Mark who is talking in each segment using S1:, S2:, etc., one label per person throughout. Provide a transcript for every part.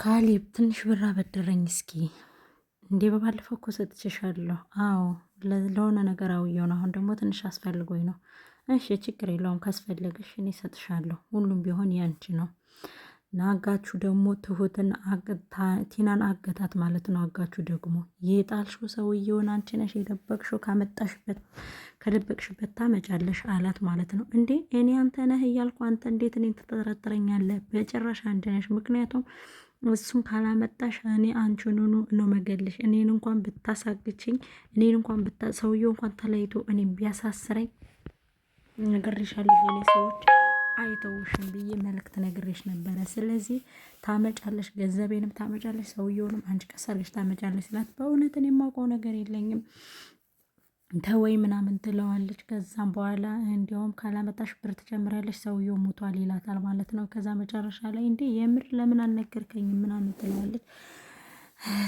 S1: ካሊብ ትንሽ ብር አበድረኝ እስኪ። እንዴ በባለፈው እኮ ሰጥቼሻለሁ። አዎ ለሆነ ነገር አውየው ነው። አሁን ደግሞ ትንሽ አስፈልጎኝ ነው። እሺ ችግር የለውም ካስፈለገሽ እኔ ሰጥሻለሁ። ሁሉም ቢሆን ያንቺ ነው። ናጋቹ ደግሞ ትሁትን ቲናን አገታት ማለት ነው። አጋችሁ ደግሞ የጣልሽው ሰውዬውን አንቺ ነሽ የደበቅሽው፣ ካመጣሽበት ከደበቅሽበት ታመጫለሽ አላት ማለት ነው። እንዴ እኔ አንተ ነህ እያልኩ አንተ እንዴት እኔን ትጠረጥረኛለህ? በጭራሽ አንቺ ነሽ ምክንያቱም እሱን ካላመጣሽ እኔ አንቺኑኑ ነው መገልሽ። እኔን እንኳን ብታሳግችኝ፣ እኔን እንኳን ሰውየው እንኳን ተለይቶ እኔ ቢያሳስረኝ ነግሬሻለሁ። የኔ ሰዎች አይተውሽም ብዬ መልእክት ነግሬሽ ነበረ። ስለዚህ ታመጫለሽ፣ ገንዘቤንም ታመጫለሽ፣ ሰውየውንም አንቺ ቀሰርሽ ታመጫለሽ ስላት በእውነት እኔ የማውቀው ነገር የለኝም ተወይ ምናምን ትለዋለች። ከዛም በኋላ እንዲያውም ካላመጣሽ ብር ትጨምሪያለሽ ሰውየው ሙቷል ይላታል ማለት ነው። ከዛ መጨረሻ ላይ እንዴ የምር ለምን አልነገርከኝ ምናምን ትለዋለች።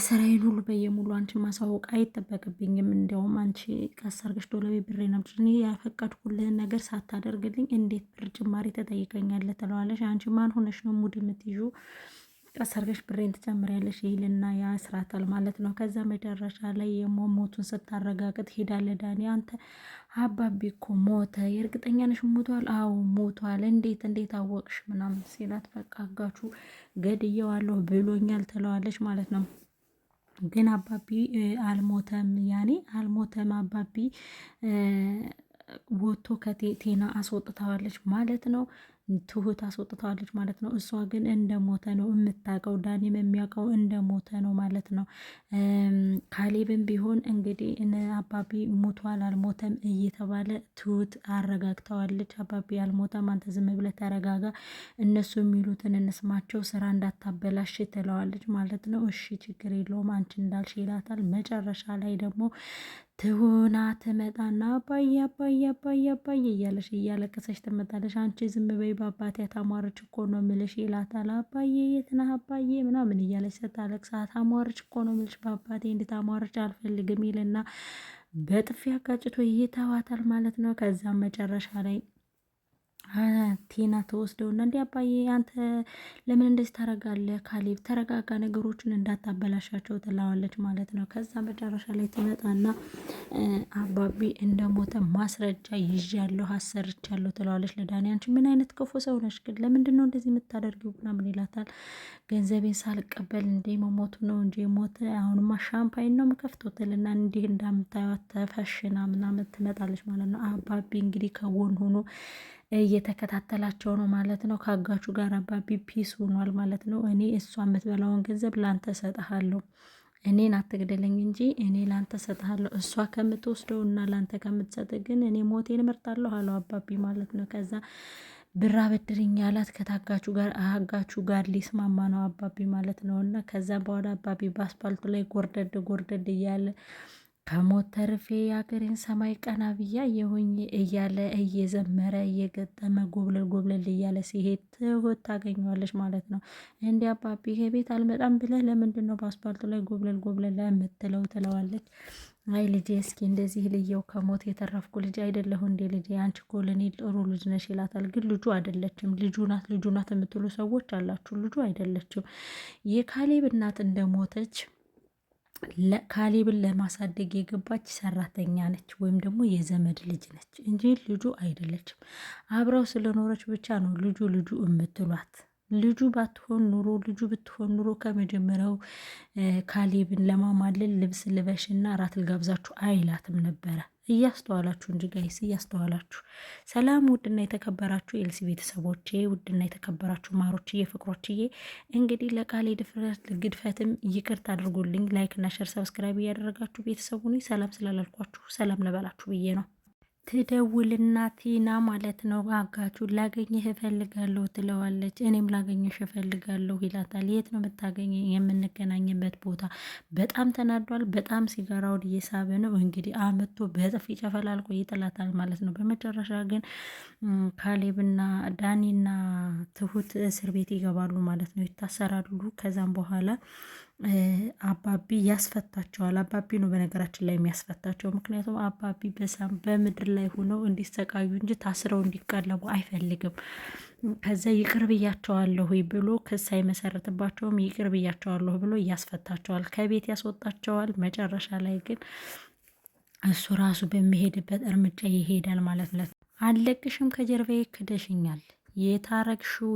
S1: ስራዬን ሁሉ በየሙሉ አንቺን ማሳወቅ አይጠበቅብኝም። እንዲያውም አንቺ ቀስ አድርገሽ ዶለቤ ብሬ ነበር እኔ ያፈቀድኩልህን ነገር ሳታደርግልኝ እንዴት ብር ጭማሪ ተጠይቀኛለ? ትለዋለች። አንቺ ማን ሆነሽ ነው ሙድ የምትይዡ ቀሰርገሽ ብሬን ትጨምሪያለሽ ይልና ያስራታል ማለት ነው። ከዛ መጨረሻ ላይ የሞሞቱን ስታረጋግጥ ሄዳለ ዳኒ አንተ አባቢ እኮ ሞተ፣ የእርግጠኛ ነሽ ሞቷል? አዎ ሞቷል። እንዴት እንዴት አወቅሽ? ምናምን ሲላት በቃ አጋቹ ገድየዋለሁ ብሎኛል ትለዋለች ማለት ነው። ግን አባቢ አልሞተም፣ ያኔ አልሞተም አባቢ ወጥቶ ከቴና አስወጥተዋለች ማለት ነው። ትሁት አስወጥተዋለች ማለት ነው። እሷ ግን እንደሞተ ነው የምታውቀው፣ ዳኒም የሚያውቀው እንደሞተ ነው ማለት ነው። ካሌብም ቢሆን እንግዲህ አባቢ ሞቷል አልሞተም እየተባለ ትሁት አረጋግተዋለች። አባቢ አልሞተም፣ አንተ ዝም ብለህ ተረጋጋ፣ እነሱ የሚሉትን እንስማቸው፣ ስራ እንዳታበላሽ ትለዋለች ማለት ነው። እሺ ችግር የለውም አንቺ እንዳልሽ ይላታል። መጨረሻ ላይ ደግሞ ትሁና ትመጣና አባዬ አባዬ አባዬ አባዬ እያለሽ እያለቀሰች ትመጣለች። አንቺ ዝም በይ በአባቴ ታሟርች እኮ ነው ምልሽ ይላታል። አባዬ የት ነህ አባዬ ምናምን እያለች ስታለቅስ ታሟርች እኮ ነው ምልሽ በአባቴ እንድታሟርች አልፈልግም ይልና በጥፊ አጋጭቶ ይተዋታል ማለት ነው። ከዛም መጨረሻ ላይ ቴና እና እንዲ አባዬ አንተ ለምን እንደዚህ ታረጋለህ? ካሌብ ተረጋጋ፣ ነገሮችን እንዳታበላሻቸው ትለዋለች ማለት ነው። ከዛ መጨረሻ ላይ ትመጣና አባቢ እንደሞተ ማስረጃ ይዣለሁ፣ አሰርቻለሁ ትለዋለች ለዳኒ። አንቺ ምን አይነት ክፉ ሰው ነሽ ግን ለምንድን ነው እንደዚህ የምታደርጊው? ምን ይላታል። ገንዘቤን ሳልቀበል እንዴ መሞቱ ነው እንጂ ሞተ። አሁንማ ሻምፓኝ ነው የምከፍተው እንዲህ እንዳምታዩ ተፈሽና ምናምን ትመጣለች ማለት ነው። አባቢ እንግዲህ ከጎን ሆኖ እየተከታተላቸው ነው ማለት ነው። ከአጋቹ ጋር አባቢ ፒስ ሆኗል ማለት ነው። እኔ እሷ የምትበላውን ገንዘብ ላንተ ሰጥሃለሁ፣ እኔን አትግደለኝ እንጂ እኔ ላንተ ሰጥሃለሁ። እሷ ከምትወስደው እና ላንተ ከምትሰጥ ግን እኔ ሞቴን እመርጣለሁ አለው አባቢ ማለት ነው። ከዛ ብራ በድርኝ ያላት ከታጋቹ ጋር አጋቹ ጋር ሊስማማ ነው አባቢ ማለት ነው። እና ከዛ በኋላ አባቢ በአስፓልቱ ላይ ጎርደድ ጎርደድ እያለ ከሞት ተርፌ የአገሬን ሰማይ ቀና ብያ የሆኝ እያለ እየዘመረ እየገጠመ ጎብለል ጎብለል እያለ ሲሄድ ትሁት ታገኘዋለች ማለት ነው። እንዲ አባቢ ይሄ ቤት አልመጣም ብለህ ለምንድን ነው በአስፓልቱ ላይ ጎብለል ጎብለል የምትለው ትለዋለች። አይ ልጄ እስኪ እንደዚህ ልየው ከሞት የተረፍኩ ልጅ አይደለሁ እንዴ ልጄ አንቺ እኮ ለእኔ ጥሩ ልጅ ነሽ ይላታል። ግን ልጁ አይደለችም። ልጁ ናት ልጁ ናት የምትሉ ሰዎች አላችሁ። ልጁ አይደለችም። የካሌብ እናት እንደሞተች ካሌብን ለማሳደግ የገባች ሰራተኛ ነች ወይም ደግሞ የዘመድ ልጅ ነች እንጂ ልጁ አይደለችም። አብራው ስለኖረች ብቻ ነው ልጁ ልጁ የምትሏት። ልጁ ባትሆን ኑሮ ልጁ ብትሆን ኑሮ ከመጀመሪያው ካሌብን ለማማለል ልብስ ልበሽ እና እራት ልጋብዛችሁ አይላትም ነበረ። እያስተዋላችሁ እንጂ ጋይስ እያስተዋላችሁ። ሰላም ውድና የተከበራችሁ ኤልሲ ቤተሰቦቼ፣ ውድና የተከበራችሁ ማሮችዬ፣ ፍቅሮችዬ እንግዲህ ለቃሌ ድፍረት ግድፈትም ይቅርታ አድርጎልኝ ላይክና ሸር ሰብስክራይብ እያደረጋችሁ ቤተሰቡን ሰላም ስላላልኳችሁ ሰላም ለበላችሁ ብዬ ነው። ትደውልና ቲና ማለት ነው አጋቹ ላገኘህ እፈልጋለሁ ትለዋለች። እኔም ላገኘሽ እፈልጋለሁ ይላታል። የት ነው የምታገኘ የምንገናኝበት ቦታ? በጣም ተናዷል። በጣም ሲጋራውን እየሳበ ነው። እንግዲህ አመቶ በጥፊ ጨፈላልቆ ይጥላታል ማለት ነው። በመጨረሻ ግን ካሌብና ዳኒና ትሁት እስር ቤት ይገባሉ ማለት ነው። ይታሰራሉ። ከዛም በኋላ አባቢ ያስፈታቸዋል። አባቢ ነው በነገራችን ላይ የሚያስፈታቸው። ምክንያቱም አባቢ በሳም በምድር ላይ ሆነው እንዲሰቃዩ እንጂ ታስረው እንዲቀለቡ አይፈልግም። ከዛ ይቅር ብያቸዋለሁ ብሎ ክስ አይመሰረትባቸውም። ይቅር ብያቸዋለሁ ብሎ ያስፈታቸዋል፣ ከቤት ያስወጣቸዋል። መጨረሻ ላይ ግን እሱ ራሱ በሚሄድበት እርምጃ ይሄዳል ማለት ነው። አለቅሽም ከጀርባዬ ክደሽኛል የታረግሽው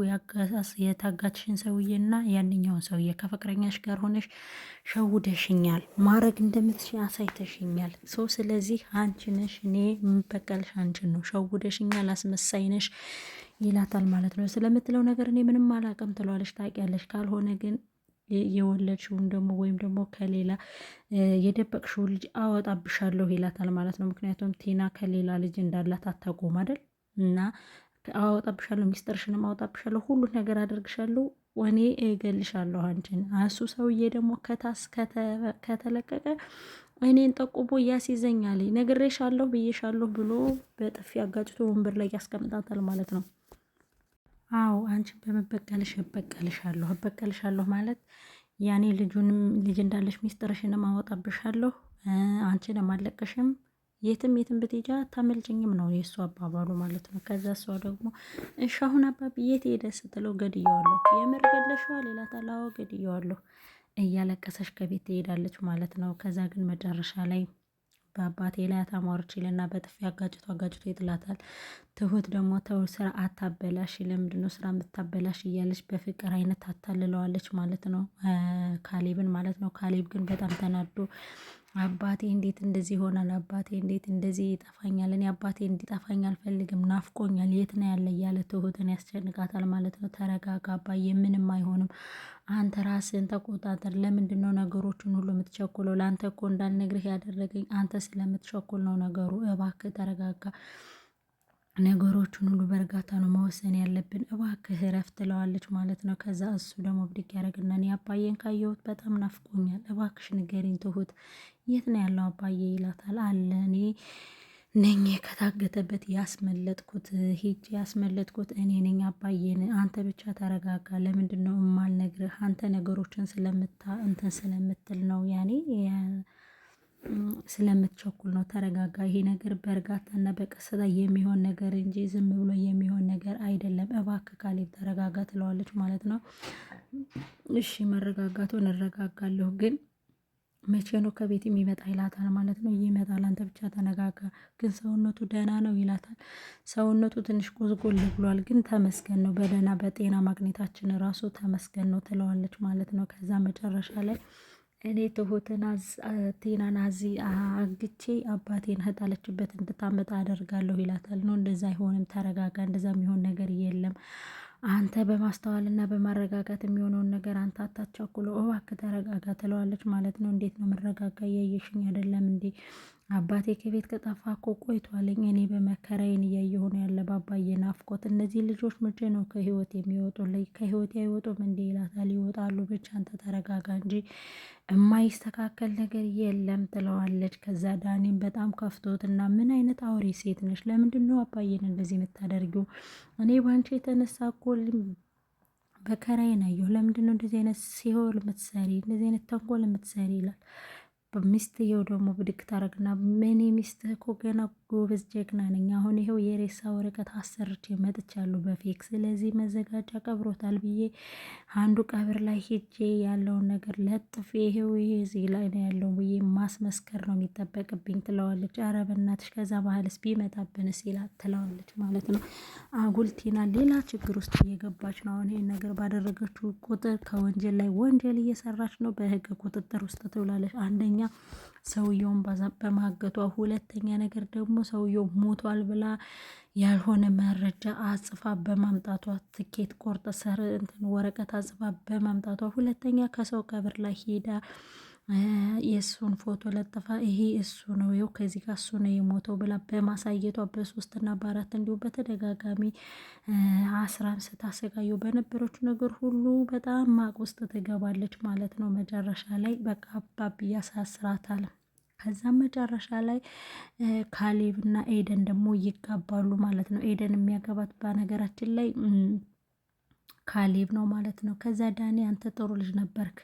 S1: የታጋችሽን ሰውዬና ያንኛውን ሰውዬ ከፍቅረኛሽ ጋር ሆነሽ ሸውደሽኛል። ማድረግ እንደምትሽ አሳይተሽኛል። ሰው ስለዚህ አንቺ ነሽ፣ እኔ የምበቀልሽ አንቺን ነው። ሸውደሽኛል፣ አስመሳይ ነሽ ይላታል ማለት ነው። ስለምትለው ነገር እኔ ምንም አላውቅም ትለዋለች። ታውቂያለሽ፣ ካልሆነ ግን የወለድሽውን ደግሞ ወይም ደግሞ ከሌላ የደበቅሽውን ልጅ አወጣብሻለሁ ይላታል ማለት ነው። ምክንያቱም ቴና ከሌላ ልጅ እንዳላት አታውቁም አይደል እና አወጣብሻለሁ፣ ሚስጥርሽንም አወጣብሻለሁ፣ ሁሉ ነገር አደርግሻለሁ፣ እኔ እገልሻለሁ አንቺን። እሱ ሰውዬ ደግሞ ከታስ ከተለቀቀ እኔን ጠቁሞ ያስይዘኛል። ነግሬሻለሁ፣ ብዬሻለሁ ብሎ በጥፊ አጋጭቶ ወንበር ላይ ያስቀምጣታል ማለት ነው። አዎ አንቺን በመበቀልሽ እበቀልሻለሁ። እበቀልሻለሁ ማለት ያኔ ልጁንም ልጅ እንዳለሽ ሚስጥርሽንም አወጣብሻለሁ፣ አንቺንም አለቅሽም የትም የትም ብትሄጃ ታመልጨኝም ነው የእሱ አባባሉ ማለት ነው። ከዛ እሷ ደግሞ እሺ አሁን አባቢ የት ሄደ ስትለው ገድየዋለሁ፣ የምር ገድለሽዋል ይላታል። አዎ ገድየዋለሁ እያለቀሰች ከቤት ትሄዳለች ማለት ነው። ከዛ ግን መጨረሻ ላይ በአባቴ ላይ አታሟርች ይልና በጥፊ አጋጭቶ አጋጭቶ ይጥላታል። ትሁት ደግሞ ተው ስራ አታበላሽ፣ ለምንድነው ስራ የምታበላሽ እያለች በፍቅር አይነት ታታልለዋለች ማለት ነው፣ ካሌብን ማለት ነው። ካሌብ ግን በጣም ተናዶ አባቴ እንዴት እንደዚህ ይሆናል? አባቴ እንዴት እንደዚህ ይጠፋኛል? እኔ አባቴ እንዲጠፋኝ አልፈልግም፣ ናፍቆኛል፣ የት ነው ያለ እያለ ትሁትን ያስጨንቃታል ማለት ነው። ተረጋጋ አባዬ፣ ምንም አይሆንም። አንተ ራስህን ተቆጣጠር። ለምንድን ነው ነገሮችን ሁሉ የምትቸኩለው? ለአንተ እኮ እንዳልነግርህ ያደረገኝ አንተ ስለምትቸኩል ነው ነገሩ። እባክህ ተረጋጋ። ነገሮቹን ሁሉ በእርጋታ ነው መወሰን ያለብን። እባክህ እረፍ ትለዋለች ማለት ነው። ከዛ እሱ ደግሞ ብድግ ያደረግና እኔ አባዬን ካየሁት በጣም ናፍቆኛል፣ እባክሽ ንገሪኝ ትሁት፣ የት ነው ያለው አባዬ ይላታል። አለ እኔ ነኝ ከታገተበት ያስመለጥኩት ሂጅ ያስመለጥኩት እኔ ነኝ። አባዬን አንተ ብቻ ተረጋጋ። ለምንድን ነው እማልነግርህ? አንተ ነገሮችን ስለምታ እንትን ስለምትል ነው ያኔ ስለምትቸኩል ነው። ተረጋጋ። ይሄ ነገር በእርጋታና በቀስታ የሚሆን ነገር እንጂ ዝም ብሎ የሚሆን ነገር አይደለም። እባክህ ካሌብ ተረጋጋ ትለዋለች ማለት ነው። እሺ መረጋጋቱን እረጋጋለሁ ግን መቼ ነው ከቤት የሚመጣ ይላታል ማለት ነው። ይመጣል፣ አንተ ብቻ ተነጋጋ። ግን ሰውነቱ ደህና ነው ይላታል። ሰውነቱ ትንሽ ጎዝጎል ብሏል፣ ግን ተመስገን ነው በደህና በጤና ማግኘታችን ራሱ ተመስገን ነው ትለዋለች ማለት ነው። ከዛ መጨረሻ ላይ እኔ ትሁትን ቴናን አዚ አግቼ አባቴን ህጣለችበት እንድታመጣ አደርጋለሁ ይላታል። ነው እንደዛ አይሆንም፣ ተረጋጋ፣ እንደዛ የሚሆን ነገር የለም። አንተ በማስተዋልና በማረጋጋት የሚሆነውን ነገር አንተ አታቻኩሎ፣ እባክህ ተረጋጋ ትለዋለች ማለት ነው። እንዴት ነው መረጋጋ? እያየሽኝ አይደለም እንዴ? አባቴ ከቤት ከጠፋ እኮ ቆይቷለኝ እኔ በመከራዬን እያየሁ ነው ያለ ባባዬ ናፍቆት። እነዚህ ልጆች መቼ ነው ከህይወት የሚወጡልኝ? ከህይወት አይወጡም እንዴ ይላታል። ይወጣሉ፣ ብቻ አንተ ተረጋጋ እንጂ የማይስተካከል ነገር የለም ትለዋለች። ከዛ ዳኒም በጣም ከፍቶት እና ምን አይነት አውሬ ሴት ነች? ለምንድን ነው አባዬን እንደዚህ የምታደርጊው? እኔ ባንቺ የተነሳ እኮ በከራዬን አየሁ። ለምንድን ነው እንደዚህ አይነት ሲሆን የምትሰሪ እንደዚህ አይነት ተንኮል የምትሰሪ ይላል። ሚስትየው ደግሞ ብድግ ታደረግና ምን ሚስትህ እኮ ገና ጎበዝ ጀግና ነኝ። አሁን ይኸው የሬሳ ወረቀት አሰርቼ መጥቻለሁ በፌክ ስለዚህ መዘጋጃ ቀብሮታል ብዬ አንዱ ቀብር ላይ ሄጄ ያለውን ነገር ለጥፌ ይሄው ይሄ እዚህ ላይ ነው ያለው ብዬ ማስመስከር ነው የሚጠበቅብኝ ትለዋለች። ኧረ በእናትሽ ከዛ ባህልስ ቢመጣብንስ ይላል ትለዋለች ማለት ነው። አጉልቲና ሌላ ችግር ውስጥ እየገባች ነው። አሁን ይሄን ነገር ባደረገችው ቁጥር ከወንጀል ላይ ወንጀል እየሰራች ነው። በህግ ቁጥጥር ውስጥ ትውላለች። አንደኛ አንደኛ ሰውየውን በማገቷ፣ ሁለተኛ ነገር ደግሞ ሰውየው ሞቷል ብላ ያልሆነ መረጃ አጽፋ በማምጣቷ ትኬት ቆርጠ ሰር እንትን ወረቀት አጽፋ በማምጣቷ፣ ሁለተኛ ከሰው ቀብር ላይ ሄዳ የእሱን ፎቶ ለጥፋ ይሄ እሱ ነው ይኸው ከዚህ ጋር እሱ ነው የሞተው ብላ በማሳየቷ በሶስትና በአራት እንዲሁም በተደጋጋሚ አስራን ስታሰቃየው በነበረች ነገር ሁሉ በጣም ማቅ ውስጥ ትገባለች ማለት ነው። መጨረሻ ላይ በቃ አባብ ያሳስራታል። ከዛም መጨረሻ ላይ ካሌብ እና ኤደን ደግሞ ይጋባሉ ማለት ነው። ኤደን የሚያገባት በነገራችን ላይ ካሌብ ነው ማለት ነው። ከዛ ዳኒ አንተ ጥሩ ልጅ ነበርክ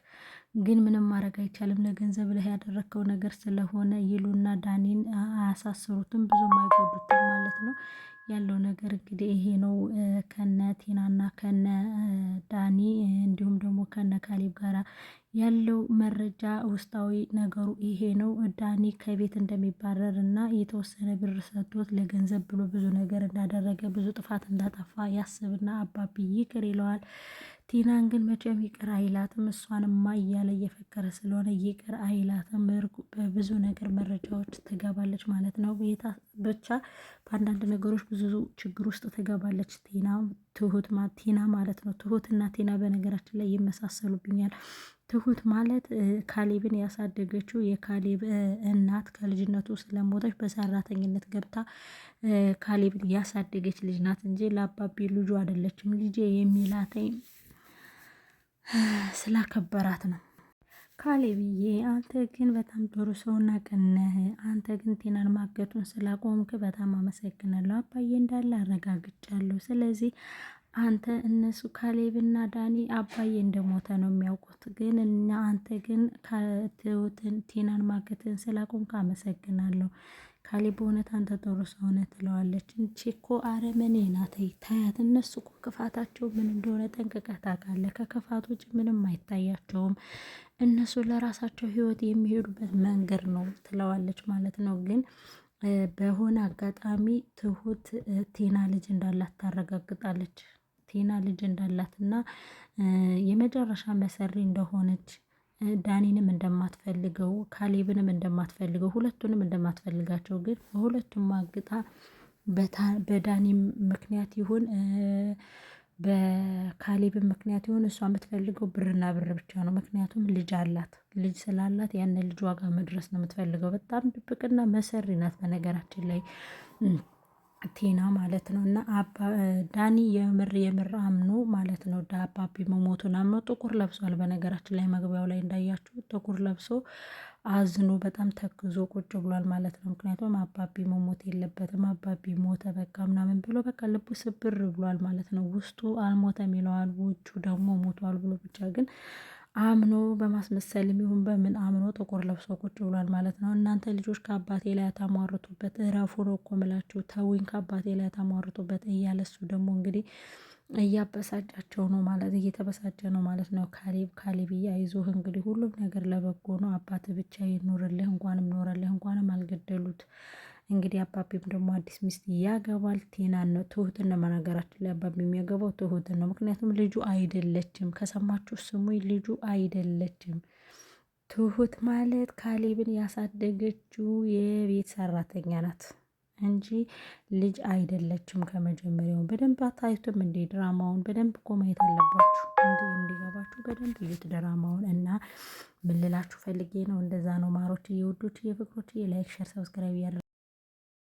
S1: ግን ምንም ማድረግ አይቻልም፣ ለገንዘብ ብለህ ያደረግከው ነገር ስለሆነ ይሉና ዳኒን አያሳስሩትም፣ ብዙም አይጎዱትም ማለት ነው። ያለው ነገር እንግዲህ ይሄ ነው። ከነ ቴናና ከነ ዳኒ እንዲሁም ደግሞ ከነ ካሌብ ጋራ ያለው መረጃ ውስጣዊ ነገሩ ይሄ ነው። ዳኒ ከቤት እንደሚባረር እና የተወሰነ ብር ሰጥቶት ለገንዘብ ብሎ ብዙ ነገር እንዳደረገ ብዙ ጥፋት እንዳጠፋ ያስብና አባቢ ይቅር ይለዋል። ቲናን ግን መቼም ይቅር አይላትም። እሷንማ እያለ እየፈከረ ስለሆነ ይቅር አይላትም። በብዙ ነገር መረጃዎች ትገባለች ማለት ነው። ቤታ ብቻ በአንዳንድ ነገሮች ብዙ ችግር ውስጥ ትገባለች ቲና ትሁት ቲና ማለት ነው። ትሁት እና ቲና በነገራችን ላይ ይመሳሰሉብኛል። ትሁት ማለት ካሌብን ያሳደገችው የካሌብ እናት ከልጅነቱ ስለሞተች በሰራተኝነት ገብታ ካሌብን ያሳደገች ልጅ ናት እንጂ ለአባቢ ልጁ አይደለችም። ልጄ የሚላተኝ ስላከበራት ነው። ካሌብዬ አንተ ግን በጣም ጥሩ ሰውና ቀነህ አንተ ግን ቴናን ማገቱን ስላቆምክ በጣም አመሰግናለሁ። አባዬ እንዳለ አረጋግጫለሁ። ስለዚህ አንተ እነሱ ካሌብና ዳኒ አባዬ እንደሞተ ነው የሚያውቁት። ግን እና አንተ ግን ቲናን ማገትን ስላቆምክ አመሰግናለሁ። ካሌብ በእውነት አንተ ጥሩ ሰው ነህ ትለዋለች። እንቺ እኮ አረመኔ ናት ታያት። እነሱ እኮ ክፋታቸው ምን እንደሆነ ጠንቅቀህ ታውቃለህ። ከክፋት ውጭ ምንም አይታያቸውም። እነሱ ለራሳቸው ህይወት የሚሄዱበት መንገድ ነው ትለዋለች ማለት ነው ግን በሆነ አጋጣሚ ትሁት ቲና ልጅ እንዳላት ታረጋግጣለች። ቴና ልጅ እንዳላትና የመጨረሻ መሰሪ እንደሆነች ዳኒንም እንደማትፈልገው ካሌብንም እንደማትፈልገው ሁለቱንም እንደማትፈልጋቸው ግን በሁለቱም አግጣ በዳኒ ምክንያት ይሁን በካሌብም ምክንያት ይሁን እሷ የምትፈልገው ብርና ብር ብቻ ነው። ምክንያቱም ልጅ አላት። ልጅ ስላላት ያን ልጅ ዋጋ መድረስ ነው የምትፈልገው። በጣም ድብቅና መሰሪ ናት በነገራችን ላይ አቴና ማለት ነው እና ዳኒ የምር የምር አምኖ ማለት ነው አባቢ መሞቱን አምኖ ጥቁር ለብሷል። በነገራችን ላይ መግቢያው ላይ እንዳያችሁ ጥቁር ለብሶ አዝኖ በጣም ተክዞ ቁጭ ብሏል ማለት ነው። ምክንያቱም አባቢ መሞት የለበትም አባቢ ሞተ በቃ ምናምን ብሎ በቃ ልቡ ስብር ብሏል ማለት ነው። ውስጡ አልሞተም ይለዋል፣ ውጩ ደግሞ ሞቷል ብሎ ብቻ ግን አምኖ በማስመሰልም ይሁን በምን አምኖ ጥቁር ለብሶ ቁጭ ብሏል ማለት ነው። እናንተ ልጆች ከአባቴ ላይ አታሟርቱበት፣ እረፉ ነው እኮ ምላችሁ፣ ተውኝ ከአባቴ ላይ አታሟርቱበት እያለ እሱ ደግሞ እንግዲህ እያበሳጫቸው ነው ማለት እየተበሳጨ ነው ማለት ነው። ካሌብ ካሌብዬ አይዞህ እንግዲህ ሁሉም ነገር ለበጎ ነው። አባት ብቻ ይኑርልህ፣ እንኳንም ኖረልህ፣ እንኳንም አልገደሉት እንግዲህ አባቢም ደግሞ አዲስ ሚስት ያገባል። ቴናን ነው ትሁትን ነው። መናገራችን ላይ አባቢ የሚያገባው ትሁትን ነው። ምክንያቱም ልጁ አይደለችም። ከሰማችሁ ስሙ ልጁ አይደለችም። ትሁት ማለት ካሌብን ያሳደገችው የቤት ሰራተኛ ናት እንጂ ልጅ አይደለችም። ከመጀመሪያውን በደንብ አታይቱም እንዴ? ድራማውን በደንብ እኮ ማየት አለባችሁ እንዴ? እንዲገባችሁ በደንብ እዩት ድራማውን። እና ምልላችሁ ፈልጌ ነው፣ እንደዛ ነው ማሮች፣ እየወዶች፣ እየፍቅሮች፣ ላይክ፣ ሸር፣ ሰብስክራይብ እያደረ